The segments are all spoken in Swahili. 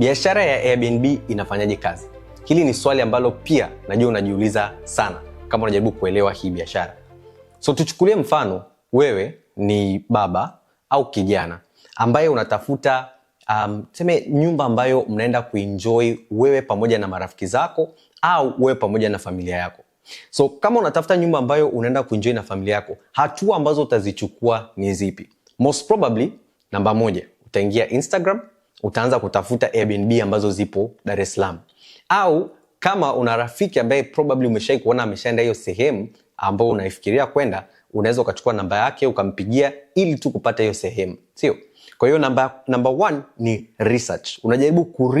Biashara ya Airbnb inafanyaje kazi? Hili ni swali ambalo pia najua unajiuliza sana kama unajaribu kuelewa hii biashara. So tuchukulie mfano, wewe ni baba au kijana ambaye unatafuta um, tuseme nyumba ambayo mnaenda kuenjoy wewe pamoja na marafiki zako au wewe pamoja na familia yako. So kama unatafuta nyumba ambayo unaenda kuenjoy na familia yako, hatua ambazo utazichukua ni zipi? Most probably, namba moja, utaingia Instagram utaanza kutafuta Airbnb ambazo zipo Dar es Salaam, au kama una rafiki ambaye probably umeshai kuona ameshaenda hiyo sehemu ambayo unaifikiria kwenda, unaweza ukachukua namba yake ukampigia ili tu kupata hiyo sehemu, sio? Kwa hiyo namba namba one ni research. Unajaribu ku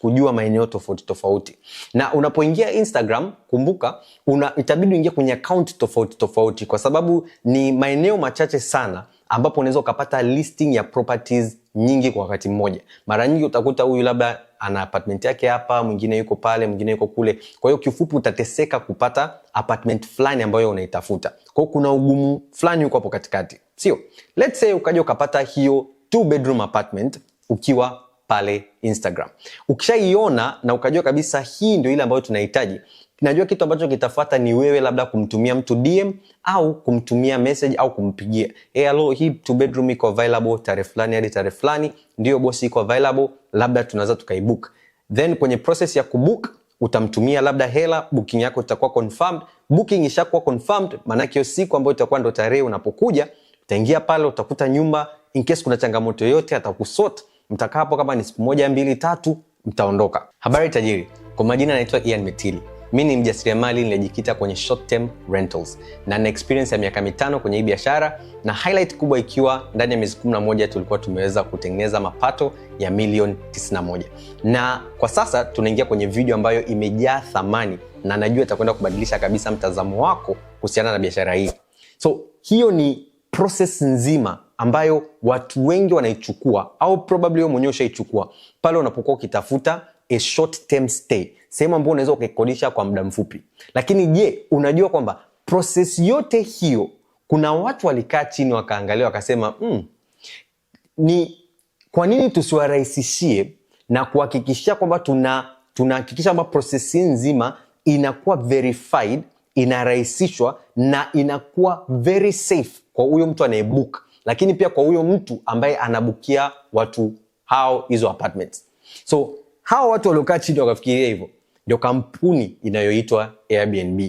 kujua maeneo tofauti tofauti, na unapoingia Instagram kumbuka, una itabidi uingie kwenye akaunti tofauti tofauti, kwa sababu ni maeneo machache sana ambapo unaweza ukapata listing ya properties nyingi kwa wakati mmoja. Mara nyingi utakuta huyu labda ana apartment yake hapa, mwingine yuko pale, mwingine yuko kule. Kwa hiyo kifupi, utateseka kupata apartment fulani ambayo unaitafuta. Kwa kuna ugumu fulani uko hapo katikati, sio? Let's say ukaja ukapata hiyo two bedroom apartment ukiwa pale Instagram, ukishaiona na ukajua kabisa hii ndio ile ambayo tunahitaji najua kitu ambacho kitafuata ni wewe labda kumtumia mtu DM au kumtumia message au kumpigia hey, hello, hii two bedroom iko available tarehe fulani hadi tarehe fulani, ndio bosi iko available, labda tunaweza tukaibook. Then kwenye process ya kubook utamtumia labda hela, booking yako itakuwa confirmed. Booking ishakuwa confirmed, maana hiyo siku ambayo itakuwa ndo tarehe unapokuja, utaingia pale, utakuta nyumba, in case kuna changamoto yoyote atakusort. Mtakapo kama ni siku moja, mbili, tatu, mtaondoka. Habari tajiri, kwa majina naitwa Ian Metili mi ni mjasiriamali niliyejikita kwenye short term rentals na na experience ya miaka mitano kwenye hii biashara, na highlight kubwa ikiwa ndani ya miezi 11 tulikuwa tumeweza kutengeneza mapato ya milioni 91, na kwa sasa tunaingia kwenye video ambayo imejaa thamani na najua itakwenda kubadilisha kabisa mtazamo wako kuhusiana na biashara hii. So hiyo ni proses nzima ambayo watu wengi wanaichukua au probably mwenyewe ushaichukua pale unapokuwa ukitafuta a short term stay sehemu ambayo unaweza ukaikodisha kwa muda mfupi. Lakini je, unajua kwamba proses yote hiyo kuna watu walikaa chini wakaangalia wakasema, mm, ni kwa nini tusiwarahisishie na kuhakikishia kwamba tuna kwamba prosesi nzima inakuwa verified, inarahisishwa na inakuwa very safe kwa huyo mtu anayebook, lakini pia kwa huyo mtu ambaye anabukia watu hao hizo apartments. So hawa watu waliokaa chini wakafikiria hivyo ndio kampuni inayoitwa Airbnb.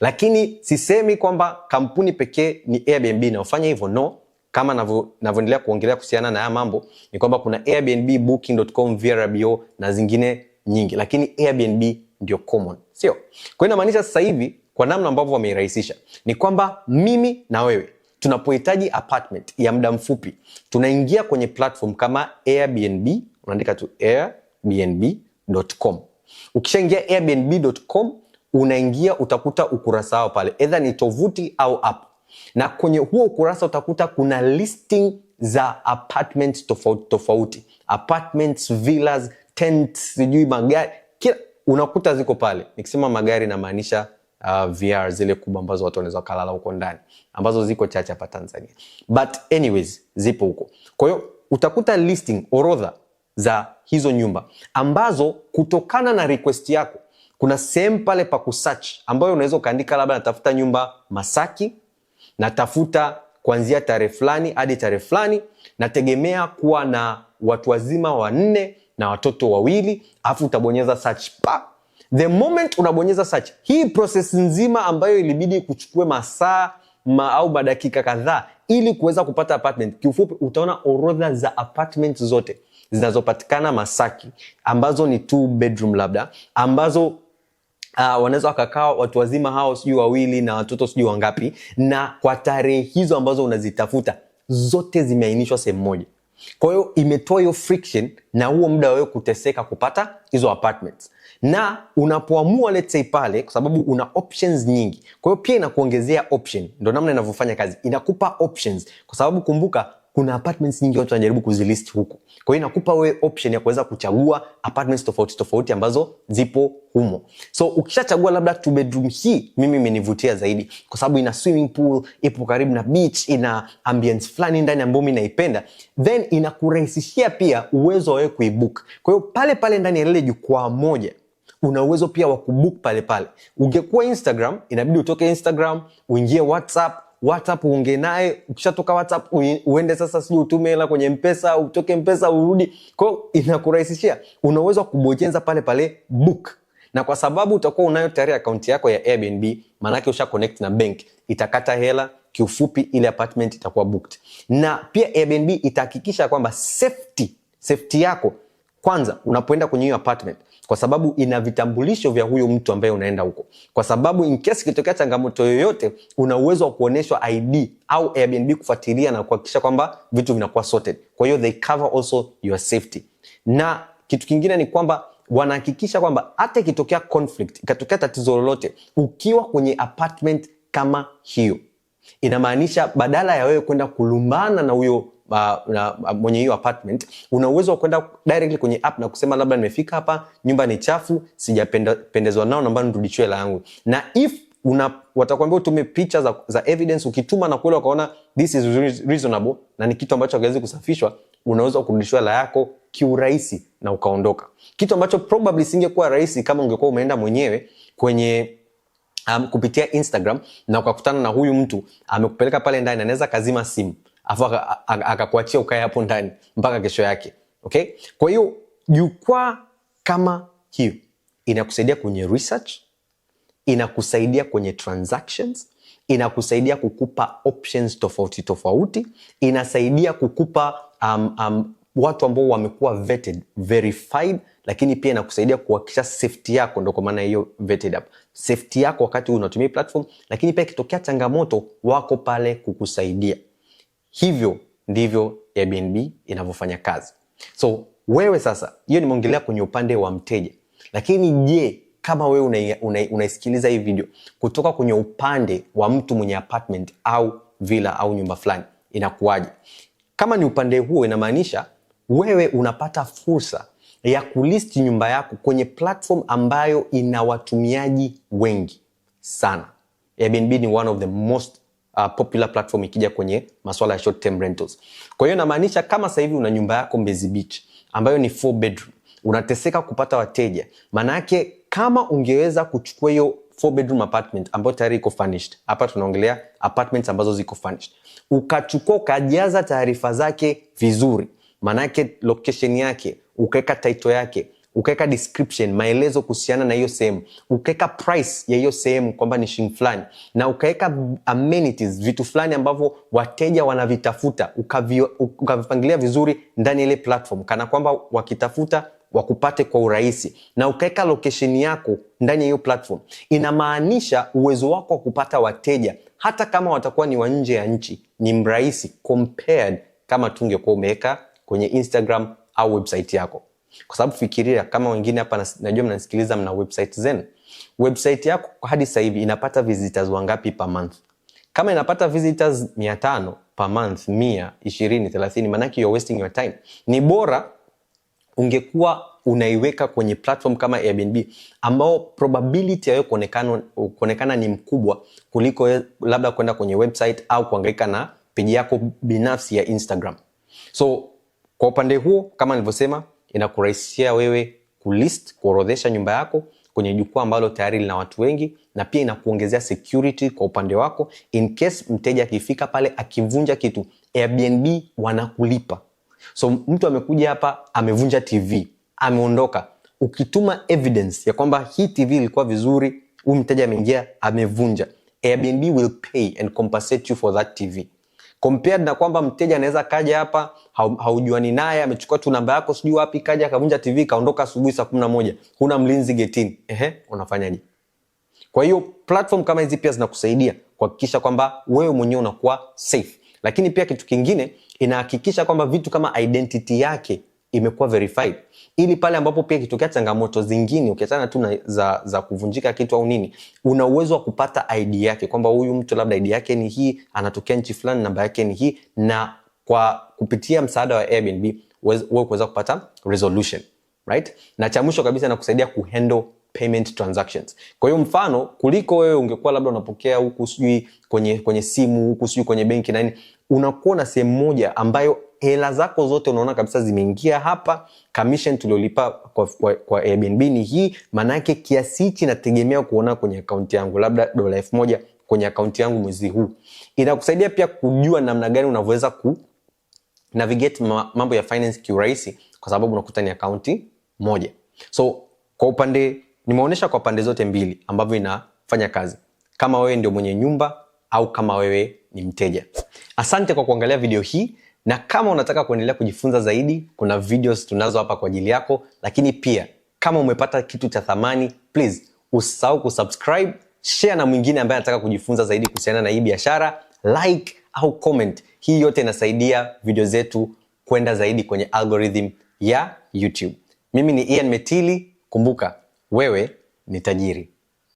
Lakini sisemi kwamba kampuni pekee ni Airbnb inayofanya hivyo, no. Kama navyoendelea kuongelea kuhusiana na haya mambo ni kwamba kuna Airbnb, Booking.com, Vrbo na zingine nyingi, lakini Airbnb ndio common, sio? Kwa hiyo inamaanisha sasa hivi kwa namna ambavyo wameirahisisha ni kwamba mimi na wewe tunapohitaji apartment ya muda mfupi tunaingia kwenye platform kama Airbnb, unaandika tu airbnb.com Ukishaingia airbnb.com unaingia utakuta ukurasa wao pale, edha ni tovuti au app, na kwenye huo ukurasa utakuta kuna listing za apartments tofauti tofauti, apartments, villas, tents, sijui magari, kila unakuta ziko pale. Nikisema magari namaanisha uh, VR zile kubwa ambazo watu wanaweza kalala huko ndani, ambazo ziko chache hapa Tanzania, but anyways zipo huko. Kwa hiyo utakuta listing, orodha za hizo nyumba ambazo kutokana na request yako kuna sehemu pale pa kusearch ambayo unaweza ukaandika labda natafuta nyumba Masaki, natafuta kuanzia tarehe fulani hadi tarehe fulani, nategemea kuwa na watu wazima wanne na watoto wawili, alafu utabonyeza search pa. The moment unabonyeza search, hii process nzima ambayo ilibidi kuchukue masaa ma au madakika kadhaa ili kuweza kupata apartment, kiufupi utaona orodha za apartment zote zinazopatikana Masaki ambazo ni two bedroom labda ambazo Uh, wanaweza wakakaa watu wazima hao sijui wawili na watoto sijui wangapi, na kwa tarehe hizo ambazo unazitafuta zote zimeainishwa sehemu moja. Kwa hiyo imetoa hiyo friction na huo muda wa kuteseka kupata hizo apartments, na unapoamua let's say pale, kwa sababu una options nyingi, kwa hiyo pia inakuongezea option. Ndio namna inavyofanya kazi, inakupa options, kwa sababu kumbuka kuna apartments nyingi watu wanajaribu kuzilist huku. Kwa hiyo inakupa wewe option ya kuweza kuchagua apartments tofauti tofauti ambazo zipo humo. So ukishachagua labda two bedroom hii mimi imenivutia zaidi kwa sababu ina swimming pool, ipo karibu na beach, ina ambience fulani ndani ambayo mimi naipenda, then inakurahisishia pia uwezo wa wewe kuibook. Kwa hiyo pale pale ndani ya lile jukwaa moja una uwezo pia wa kubook pale pale. Ungekuwa Instagram, inabidi utoke Instagram, uingie WhatsApp WhatsApp uongee naye, ukishatoka WhatsApp uende sasa sijui utume hela kwenye Mpesa, utoke Mpesa urudi. Kwa inakurahisishia, unaweza kubojeza pale pale book na kwa sababu utakuwa unayo tayari akaunti yako ya Airbnb, maanake usha connect na bank, itakata hela kiufupi, ile apartment itakuwa booked. Na pia Airbnb itahakikisha kwamba safety safety yako kwanza unapoenda kwenye hiyo apartment, kwa sababu ina vitambulisho vya huyo mtu ambaye unaenda huko, kwa sababu in case kitokea changamoto yoyote, una uwezo wa kuonyeshwa ID au Airbnb kufuatilia na kuhakikisha kwamba vitu vinakuwa sorted. Kwa hiyo they cover also your safety, na kitu kingine ni kwamba wanahakikisha kwamba hata ikitokea conflict, ikatokea tatizo lolote, ukiwa kwenye apartment kama hiyo, inamaanisha badala ya wewe kwenda kulumbana na huyo mwenye hiyo apartment, una uwezo wa kwenda directly kwenye app na kusema labda nimefika hapa, nyumba ni chafu, sijapendezwa nao, naomba nirudishwe hela yangu. Na if una watakwambia utume picha za, za evidence, ukituma na kweli wakaona this is reasonable na ni kitu ambacho hakiwezi kusafishwa, unaweza kurudishwa hela yako kiurahisi na ukaondoka, kitu ambacho probably singekuwa rahisi kama ungekuwa umeenda mwenyewe kwenye um, kupitia Instagram na ukakutana na huyu mtu amekupeleka pale ndani, anaweza kazima simu afu akakuachia ukae hapo ndani mpaka kesho yake okay? Kwa hiyo jukwaa kama hiyo inakusaidia kwenye research, inakusaidia kwenye transactions, inakusaidia kukupa options tofauti tofauti, inasaidia kukupa um, um, watu ambao wamekuwa vetted, verified, lakini pia inakusaidia kuhakikisha safety yako, ndo kwa maana hiyo vetted app, safety yako wakati huu unatumia platform, lakini pia ikitokea changamoto wako pale kukusaidia. Hivyo ndivyo Airbnb inavyofanya kazi. So wewe sasa, hiyo nimeongelea kwenye upande wa mteja, lakini je, kama wewe unaisikiliza una, una hii video kutoka kwenye upande wa mtu mwenye apartment au villa au nyumba fulani, inakuwaje? Kama ni upande huo, inamaanisha wewe unapata fursa ya kulisti nyumba yako kwenye platform ambayo ina watumiaji wengi sana. Airbnb ni one of the most uh, popular platform ikija kwenye masuala ya short term rentals. Kwa hiyo inamaanisha kama sasa hivi una nyumba yako Mbezi Beach ambayo ni four bedroom, unateseka kupata wateja. Maana yake kama ungeweza kuchukua hiyo four bedroom apartment ambayo tayari iko furnished. Hapa tunaongelea apartments ambazo ziko furnished. Ukachukua ukajaza taarifa zake vizuri. Maana yake location yake, ukaweka title yake, ukaweka description maelezo kuhusiana na hiyo sehemu, ukaweka price ya hiyo sehemu kwamba ni shing fulani, na ukaweka amenities, vitu fulani ambavyo wateja wanavitafuta, ukavipangilia vizuri ndani ile platform, kana kwamba wakitafuta wakupate kwa urahisi, na ukaweka location yako ndani ya hiyo platform. Inamaanisha uwezo wako wa kupata wateja hata kama watakuwa ni wa nje ya nchi ni mrahisi compared kama tungekuwa umeweka kwenye Instagram au website yako kwa sababu fikiria kama wengine hapa najua mnasikiliza mna website zenu website yako hadi sasa hivi inapata visitors wangapi per month kama inapata visitors 500 per month 120 30 maana maanake you're wasting your time ni bora ungekuwa unaiweka kwenye platform kama airbnb ambao probability ya kuonekana ni mkubwa kuliko labda kwenda kwenye website au kuangaika na peji yako binafsi ya instagram so kwa upande huo kama nilivyosema inakurahisishia wewe kulist, kuorodhesha nyumba yako kwenye jukwaa ambalo tayari lina watu wengi, na pia inakuongezea security kwa upande wako, in case mteja akifika pale akivunja kitu, Airbnb wanakulipa. So mtu amekuja hapa amevunja TV ameondoka, ukituma evidence ya kwamba hii TV ilikuwa vizuri, huyu mteja ameingia amevunja, Airbnb will pay and compensate you for that TV compared na kwamba mteja anaweza kaja hapa haujuani naye, amechukua tu namba yako sijui wapi, kaja akavunja TV kaondoka asubuhi saa kumi na moja, huna mlinzi getini, ehe, unafanyaje? Kwa hiyo platform kama hizi pia zinakusaidia kuhakikisha kwamba wewe mwenyewe unakuwa safe, lakini pia kitu kingine inahakikisha kwamba vitu kama identity yake imekuwa verified ili pale ambapo pia ikitokea changamoto zingine ukiachana tu za, za kuvunjika kitu au nini, una uwezo wa kupata ID yake kwamba huyu mtu labda ID yake ni hii, anatokea nchi fulani, namba yake ni hii, na kwa kupitia msaada wa Airbnb wewe kuweza kupata resolution right. Na cha mwisho kabisa nakusaidia kuhandle payment transactions. Kwa hiyo mfano, kuliko wewe ungekuwa labda unapokea huku sijui kwenye, kwenye simu huku sijui kwenye benki na nini, unakuwa na sehemu moja ambayo hela zako zote unaona kabisa zimeingia hapa commission tuliolipa kwa, kwa, kwa Airbnb ni hii maanake kiasi hichi nategemea kuona kwenye akaunti yangu labda dola elfu moja kwenye akaunti yangu mwezi huu inakusaidia pia kujua namna gani unavyoweza ku navigate mambo ya finance kiurahisi kwa sababu unakuta ni akaunti moja so kwa upande nimeonyesha kwa pande zote mbili ambavyo inafanya kazi kama wewe ndio mwenye nyumba au kama wewe ni mteja asante kwa kuangalia video hii na kama unataka kuendelea kujifunza zaidi kuna videos tunazo hapa kwa ajili yako lakini pia kama umepata kitu cha thamani please usisahau kusubscribe share na mwingine ambaye anataka kujifunza zaidi kuhusiana na hii biashara like au comment hii yote inasaidia video zetu kwenda zaidi kwenye algorithm ya youtube mimi ni ian metili kumbuka wewe ni tajiri